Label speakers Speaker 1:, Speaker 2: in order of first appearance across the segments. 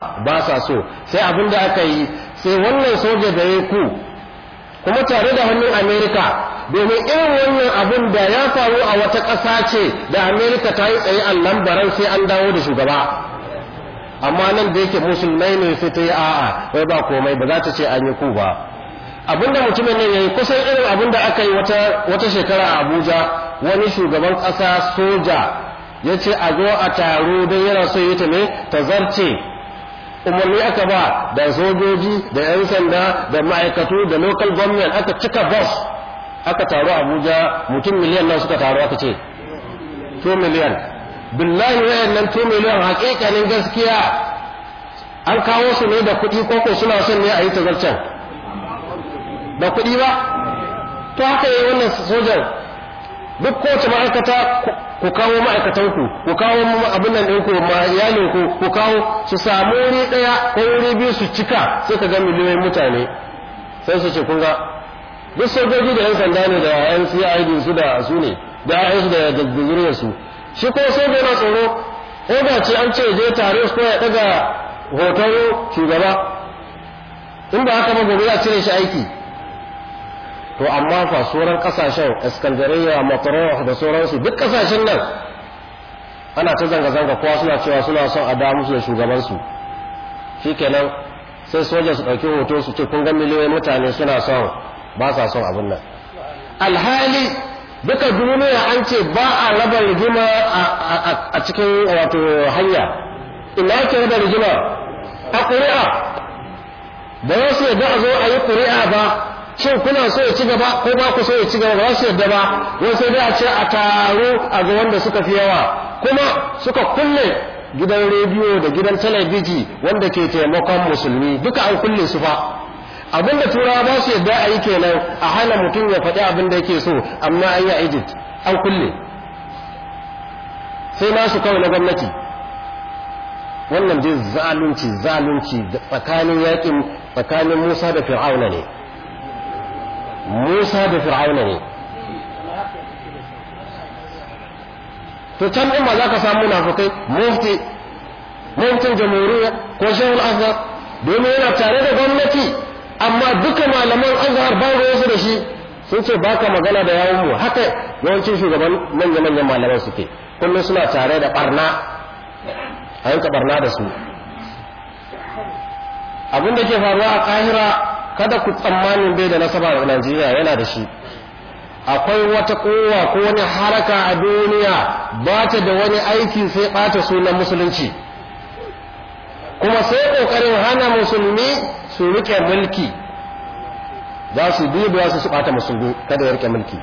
Speaker 1: ba sa so sai abin da aka yi sai wannan soja da ya ku kuma tare da hannun amerika domin irin wannan abin da ya faru a wata ƙasa ce da amerika ta yi tsaye a lambaran sai an dawo da shugaba amma nan da yake musulmai ne sai ta yi a'a wai ba komai ba za ta ce an yi ku ba abin da mutumin nan ya yi kusan irin abin da aka yi wata shekara a abuja wani shugaban ƙasa soja ya ce a zo a taro don yana so yi ta ne ta zarce umarni aka ba da sojoji da 'yan sanda da ma'aikatu da local government aka cika bus aka taru abuja mutum miliyan nan suka taru aka ce 2 miliyan billahi wayan nan 2 miliyan hakikanin gaskiya an kawo su ne da kuɗi koko suna son ne a yi tazarcen da kuɗi ba to haka yi wannan sojan duk kowace ma'aikata ku kawo ma'aikatan ku kawo abin nan ɗinku ma iyalinku ku kawo su samu wuri ɗaya ko wuri biyu su cika sai ka ga miliyoyin mutane sai su ce kun duk sojoji da 'yan sanda ne da 'yan CID su da su ne da 'ya'yansu da zuriyar su shi ko da na tsoro ko da ce an ce je tare su koya ya ɗaga hoton shugaba in ba haka ba gobe za a cire shi aiki to amma fa sauran kasashen iskandariya mataroh da sauransu duk kasashen nan ana ta zanga-zanga kowa suna cewa suna son a damu su da shugabansu kenan, sai soja su ɗauki hoto su ce kun ga miliyoyin mutane suna son ba sa son abin nan alhali duka duniya an ce ba a raba rigima a cikin wato hanya ina ke raba rigima a ƙuri'a ba wasu yadda a zo a yi ƙuri'a ba shin kuna so ya ci gaba ko ba ku so ya ci gaba ba su yadda ba wai sai dai a ce a taro a ga wanda suka fi yawa kuma suka kulle gidan rediyo da gidan talabiji wanda ke taimakon musulmi duka an kulle su fa abin da turawa ba su yadda a yi kenan a hana mutum ya faɗi abin da yake so amma an yi a an kulle sai nasu kawai na gwamnati wannan dai zalunci zalunci tsakanin yakin tsakanin musa da fir'auna ne Musa da Fir'auna ne to can in ba za ka samu munafukai mufti muftin jamhuriya ko shehul azhar domin yana tare da gwamnati amma duka malaman azhar ba ruwansu da shi sun ce baka magana da yawon mu haka yawancin shugaban manya manyan malaman suke kullum suna tare da barna a yanka barna da su abin da ke faruwa a kahira kada ku tsammanin bai da nasaba da Najeriya yana da shi akwai wata kowa ko wani haraka a duniya ba ta da wani aiki sai ɓata sunan musulunci kuma sai ƙoƙarin hana musulmi su rike mulki za su duba su su ɓata musulmi kada ya rike mulki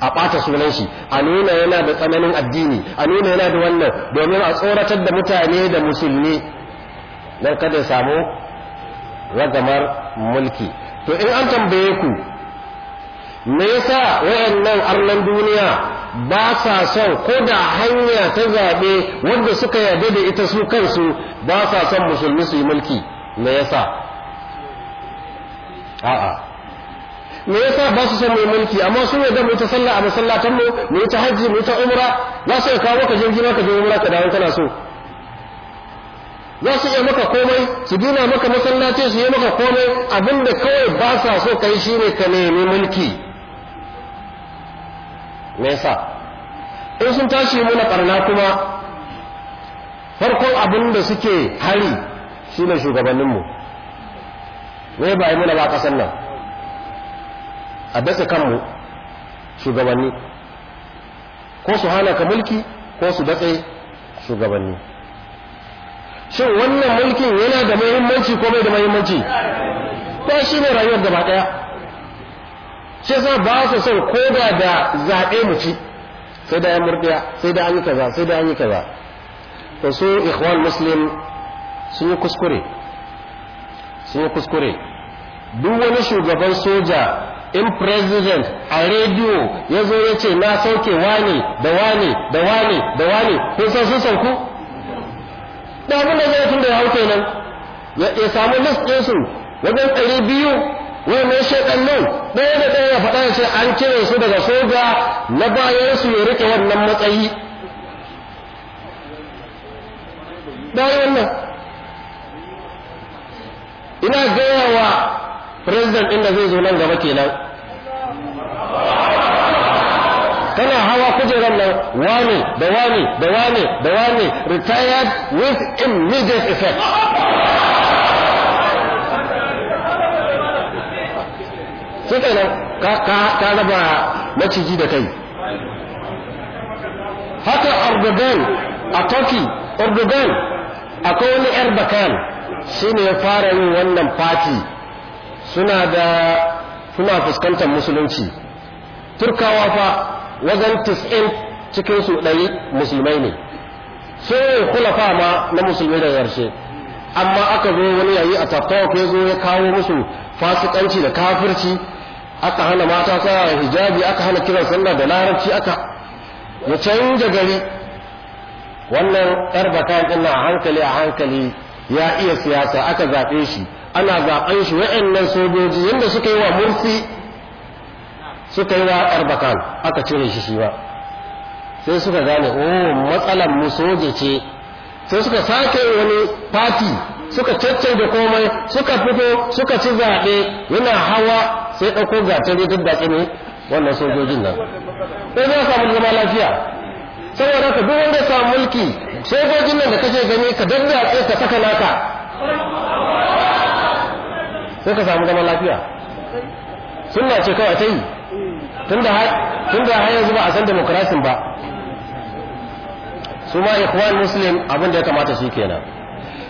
Speaker 1: a ɓata sunan shi a nuna yana da tsananin addini a nuna yana da wannan domin a tsoratar da mutane da musulmi don kada samu ragamar mulki to in an tambaye ku me yasa wayannan arnan duniya ba sa son ko da hanya ta zaɓe wanda suka yarda da ita su kansu ba sa son musulmi su yi mulki me yasa a'a me yasa ba su son mai mulki amma sun yarda mu ta sallah a masallatan mu mu ta hajji mu ta umra za su kawo ka jirgi ka je umra ka dawo kana so za su iya maka komai su gina maka masallaci su yi maka komai abinda kawai ba sa so kai shi ne ka nemi mulki me yasa in sun tashi muna ƙarna kuma farkon abin da suke hari shi ne shugabanninmu me ba yi muna ba kasan nan a dasa kanmu shugabanni ko su hana ka mulki ko su datse shugabanni shin wannan mulkin yana da muhimmanci ko bai da muhimmanci ba shi ne rayuwar gaba daya shi yasa ba su son ko da zaɓe mu ci sai da ya murɗiya sai da an yi kaza sai da an yi kaza to su ikhwan muslim sun yi kuskure sun yi kuskure duk wani shugaban soja in president a rediyo ya zo ya ce na sauke wane da wane da wane da wane kun san sun san ku da da zai tun da ya hau kenan ya samu list wajen ɗari biyu mai shekan nan ɗaya da ɗaya ya faɗa ce an cire su daga soja na bayan su ya rike wannan matsayi bayan wannan ina gaya wa president ɗin da zai zo nan gaba kenan kana hawa kujerar nan wani da wani da wani da wani retired with immediate effect sai nan ka raba maciji da kai haka erdogan a turkey erdogan akwai wani 'yar shi ne ya fara yin wannan fati suna da suna fuskantar musulunci turkawa fa wajen tis'in cikin su ɗari musulmai ne sai kulafa ma na musulmai da yarshe amma aka zo wani yayi a taftawa ko zo ya kawo musu fasikanci da kafirci aka hana mata sa hijabi aka hana kiran sallah da larabci aka ya canja gari wannan yar bakan din a hankali a hankali ya iya siyasa aka zaɓe shi ana zaɓen shi wa'annan sojoji yadda suka yi wa murfi. suka yi wa arbakan aka cire shi shi ba sai suka gane oh matsalan mu soje ce sai suka sake wani fati suka da komai suka fito suka ci zaɓe yana hawa sai ɗauko gatari duk da ne wannan sojojin nan ko
Speaker 2: za samu zama lafiya
Speaker 1: saboda ka duk wanda samu mulki sojojin nan da kake gani ka daddatse ka saka naka
Speaker 2: sai ka samu zama lafiya sunna ce kawai ta yi tunda har yanzu ba a san demokrasin ba
Speaker 1: su ma ikhwan muslim abin da ya kamata su kenan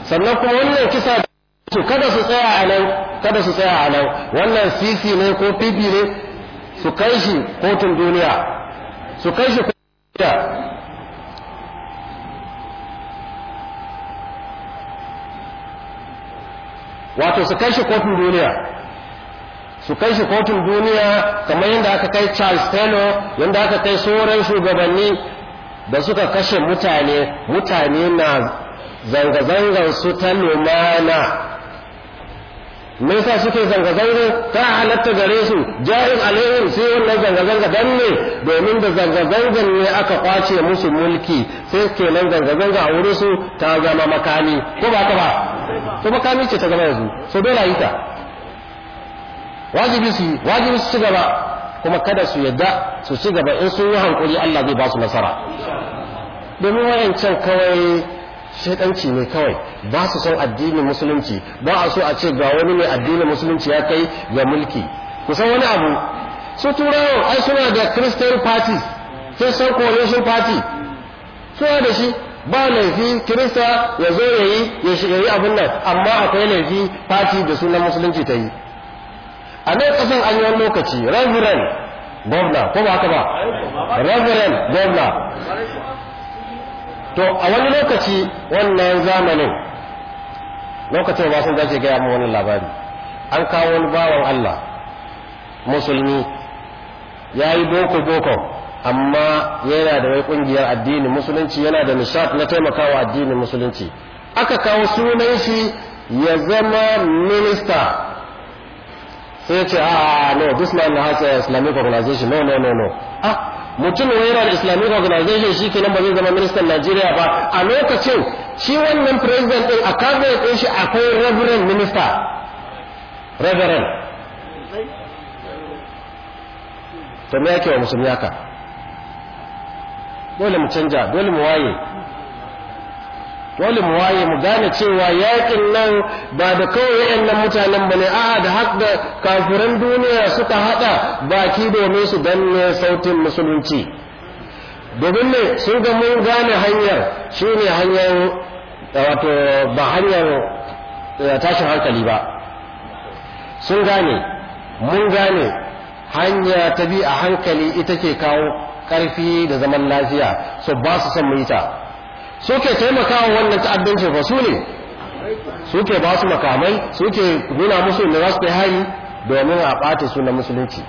Speaker 1: sannan kuma wannan kisa su kada su tsaya a nan kada su tsaya a nan wannan CC ne ko pipi ne su kai shi kotun duniya su kai shi kotun duniya wato su kai shi kotun duniya su kai shi kotun duniya kamar yadda aka kai charles taylor yadda aka kai sauran shugabanni da suka kashe mutane mutane na zanga-zangar su ta lumana me yasa suke zanga-zanga ta halatta gare su ja'iz alaihim sai wannan zanga-zanga dan ne domin da zanga-zangan ne aka kwace musu mulki sai kenan zanga-zanga a wurin su ta zama makami ko ba ka ba to makami ce ta zama yanzu so dole yi ta wajibi su yi wajibi su ci gaba kuma kada su yadda su ci gaba in sun yi hankuri Allah zai ba su nasara domin wayancan kawai shaidanci ne kawai ba su son addinin musulunci ba a so a ce ga wani mai addinin musulunci ya kai ga mulki kusan wani abu su turawan ai suna da christian party san coalition party suna da shi ba laifi kirista ya zo ya yi ya yi abin nan amma akwai laifi party da sunan musulunci ta yi a ne kasan an yi wani lokaci reverend governor ko ba haka ba reverend governor
Speaker 2: to a wani lokaci
Speaker 1: wannan zamanin lokacin ba sun zace gaya mu wannan labari an kawo wani bawan Allah musulmi ya yi boko boko amma yana da wai kungiyar addinin musulunci yana da nishat na taimakawa addinin musulunci aka kawo sunan shi ya zama minista sai ce a ah, ah, no this man has a islamic organization no no no no ah mutum wai yana da islamic organization shi kenan ba zai zama ministan najeriya ba a lokacin shi wannan president din a cabinet din shi akwai reverend minister reverend to me yake wa musulmi haka dole mu canja dole mu waye wani muwaye waye mu gane cewa yakin nan ba da kawai wayannan mutanen bane a'a da har da kafiran duniya suka haɗa baki domin su danne sautin musulunci domin ne sun ga mun gane hanyar shine hanyar wato ba hanyar eh, tashin hankali ba sun gane mun gane hanya ta bi a hankali ita ke kawo ƙarfi da zaman lafiya so ba su son mu yi ta suke taimakawa wannan ta'addancin fa su ne
Speaker 2: suke ba su makamai
Speaker 1: suke nuna musu da za su kai hari domin a ɓata su na musulunci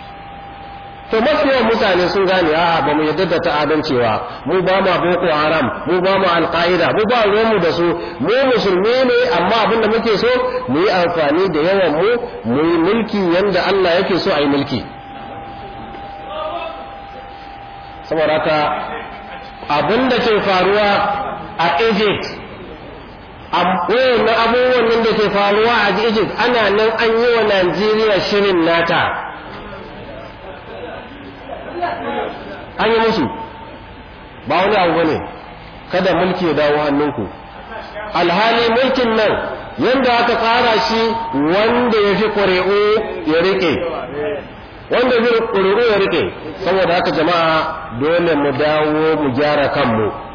Speaker 1: to yawan mutane sun gane a ba mu yadda da ta'adancewa mu ba ma boko haram mu ba mu alƙa'ida mu ba mu da su mu musulmi ne amma da muke so mu yi amfani da yawan mu mu yi mulki yanda Allah yake so a yi mulki saboda abin da ke faruwa a egypt wayannan abubuwan nan da ke faruwa a egypt ana nan an yi wa najeriya shirin nata an yi musu ba wani abu ba ne kada mulki ya dawo hannunku
Speaker 2: alhali mulkin nan yadda aka tsara shi wanda ya fi ƙuri'u ya rike
Speaker 1: wanda ya fi ƙuri'u ya rike saboda haka jama'a dole mu dawo mu gyara kanmu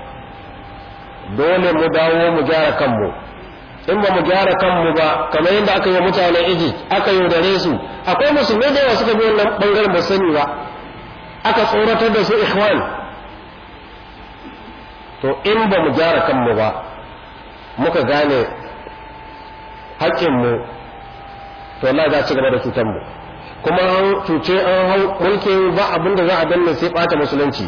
Speaker 1: dole mu dawo mu gyara kanmu in ba mu gyara kanmu ba kamar yadda aka yi mutanen egypt aka yaudare su akwai musulmai da yawa suka bi wannan bangaren ba sani ba aka tsoratar da su ikhwan to in ba mu gyara kanmu ba muka gane haƙƙinmu to Allah za ci gaba da cutar mu kuma an cuce an hau mulkin ba abin da za a danna sai ɓata musulunci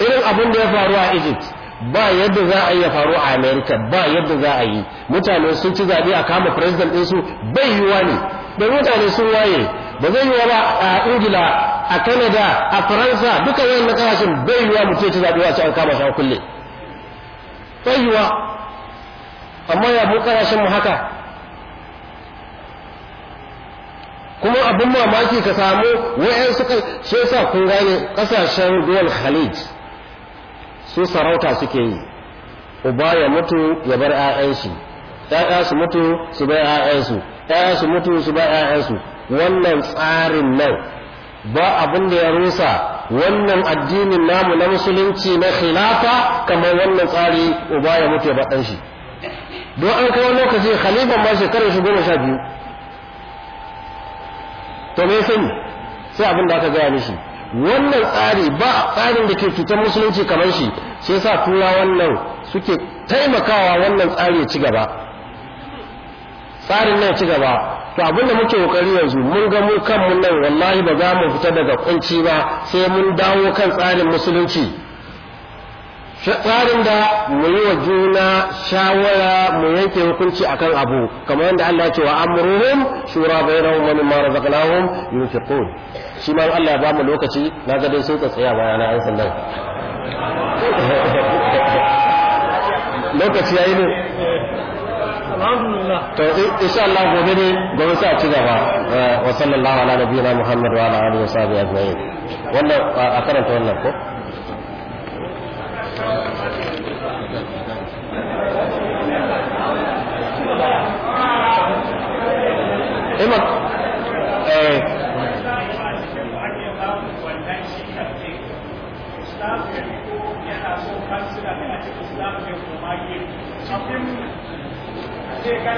Speaker 1: irin abin da ya faru a egypt ba yadda za a yi ya faru a Amerika ba yadda za a yi mutane sun ci zaɓe a kama president ɗinsu bai yiwuwa ne don mutane sun waye ba zai yiwuwa ba a ingila a Kanada a faransa duka na kasashen bai yiwuwa mutum ci zaɓe a ci an kama shi a kulle bai wa amma ya buka kasashen mu haka kuma abin mamaki ka samu wayan suka shi yasa kun gane kasashen duwal khalid su sarauta suke yi uba ya mutu ya bar 'ya'yansu ‘ya'ya su mutu su bar 'ya'yansu ‘ya'ya su mutu su bar 'ya'yansu wannan tsarin nan ba abin da ya rusa wannan addinin namu na musulunci na khilafa kamar wannan tsari uba ya mutu ya bar ɗan shi
Speaker 2: don an kai lokaci khalifan ma shekarar shi goma sha biyu
Speaker 1: to me sai abin da aka gaya mishi wannan tsari ba tsarin da ke cutar musulunci kamar shi sai sa tura wannan suke taimakawa wannan tsari ya ci gaba tsarin nan ci gaba to abin da muke kokari yanzu mun ga mu kanmu nan wallahi ba za mu fita daga kunci ba sai mun dawo kan tsarin musulunci tsarin da mu yi wa juna shawara mu yanke hukunci akan abu kamar yadda Allah ya ce wa amruhum shura bainahum wa mimma razaqnahum yunfiqun shi ma Allah ya mu lokaci na ga dai sun tsaya bayana an sannan
Speaker 2: lokaci yayi ne to
Speaker 1: insha Allah gobe ne gobe sai a ci gaba eh, wa sallallahu ala nabiyina Muhammad wa ala alihi wa sahbihi ajma'in wannan a karanta wannan ko
Speaker 2: Imam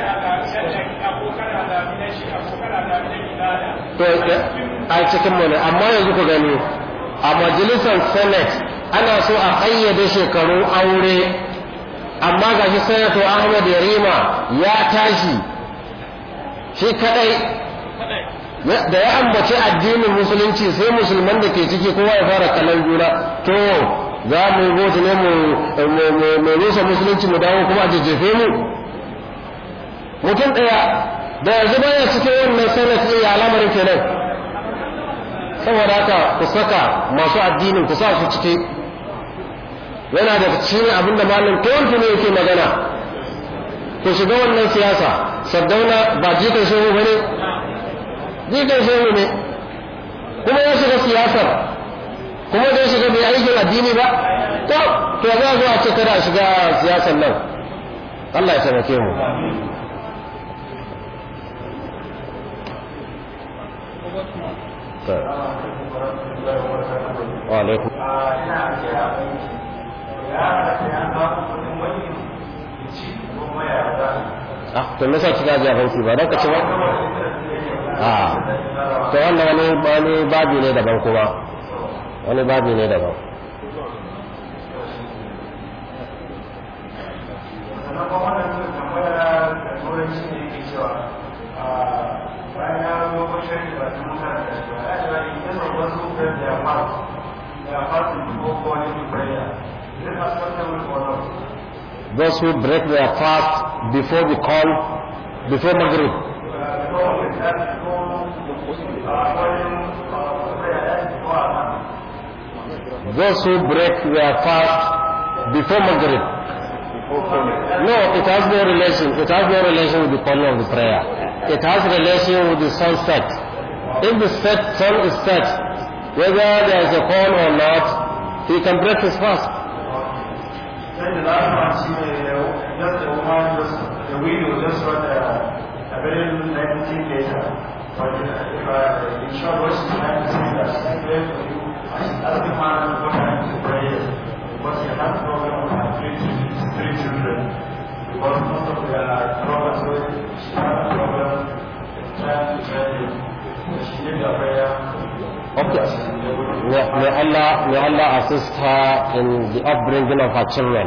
Speaker 2: to a cikin mana amma yanzu ku gani a majalisar senate ana so a ƙayyade shekaru aure
Speaker 1: amma ga shi senator ahmad yarima ya tashi shi kadai da ya ambaci addinin musulunci sai musulman da ke ciki kowa ya fara kalan juna to za mu yi ne mu rusa musulunci mu dawo kuma a jajjefe mu mutum ɗaya da yanzu baya cikin wannan sarrafi ya al'amarin kenan
Speaker 2: saboda haka ku saka
Speaker 1: masu addinin ku sa su ciki yana da cikin abin da malam kowanne ne yake magana ku shiga wannan siyasa saddauna ba jikin shehu ba ne jikan shehu ne kuma ya shiga siyasar kuma zai shiga bai aikin addini ba to to za a zo a ce kada shiga siyasar nan
Speaker 2: Allah ya taimake mu wa alaikum ah to me yasa kika ji abinci ba ka ci ba a ah. to wannan wani babu ne daban kuma
Speaker 1: wani ne daban
Speaker 2: Those who break their fast before the call, before Maghrib. Those who break their fast before Maghrib. No, it has no relation. It has no
Speaker 1: relation with the calling of the prayer. It has relation with the sunset. In the set, sun is set, whether there is a call or not, he can break his fast.
Speaker 2: Then the last one, she just the woman, just the widow, just got a, a very lengthy thing later. But if, uh, if I, in short, what she's trying to say that she prayed for you, and she's asking man to time back to prayer, because you have problem with her three, three children. Because most of their problems, with she had a problem, it's to tell you. She did a prayer, Okay. May Allah, may Allah assist her in the upbringing of her children.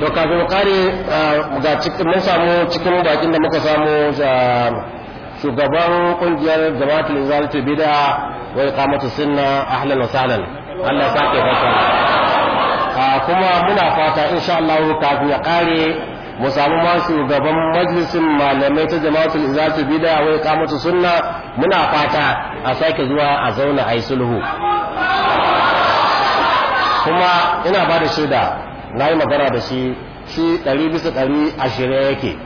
Speaker 2: to kafin mu kare
Speaker 1: ah, ga mun samu cikin bakin da muka samu ah, shugaban kungiyar jama'atul izalatul bid'a wa iqamatu sunna ahlan wa sahlan Allah ya sake barka ah, kuma muna fata insha Allah kafin ya kare mu samu ma shugaban majalisin malamai ta jama'atul izalatul bid'a wa iqamatu sunna muna fata a sake zuwa a zauna ayi sulhu kuma ina ba da shaida na yi magana da shi shi ɗari bisa ɗari ashirin yake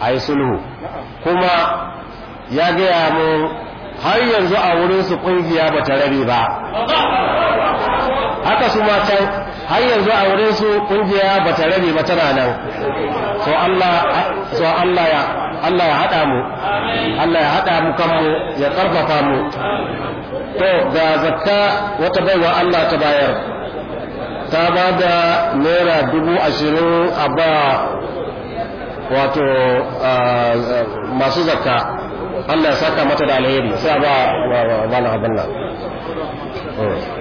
Speaker 1: a yi sulhu kuma ya gaya mu har yanzu a wurin su ƙungiya ba ta rabe ba
Speaker 2: haka su ma can har yanzu a wurin
Speaker 1: su ƙungiya ba ta rabe ba tana nan so Allah ya Allah ya haɗa mu Allah ya haɗa mu kanmu ya ƙarfafa mu
Speaker 2: to ga zakka wata baiwa
Speaker 1: Allah ta bayar ta ba da naira dubu ashirin a ba wato masu zakka allah ya saka mata da alheri sai a ba wani abin
Speaker 2: nan hmm.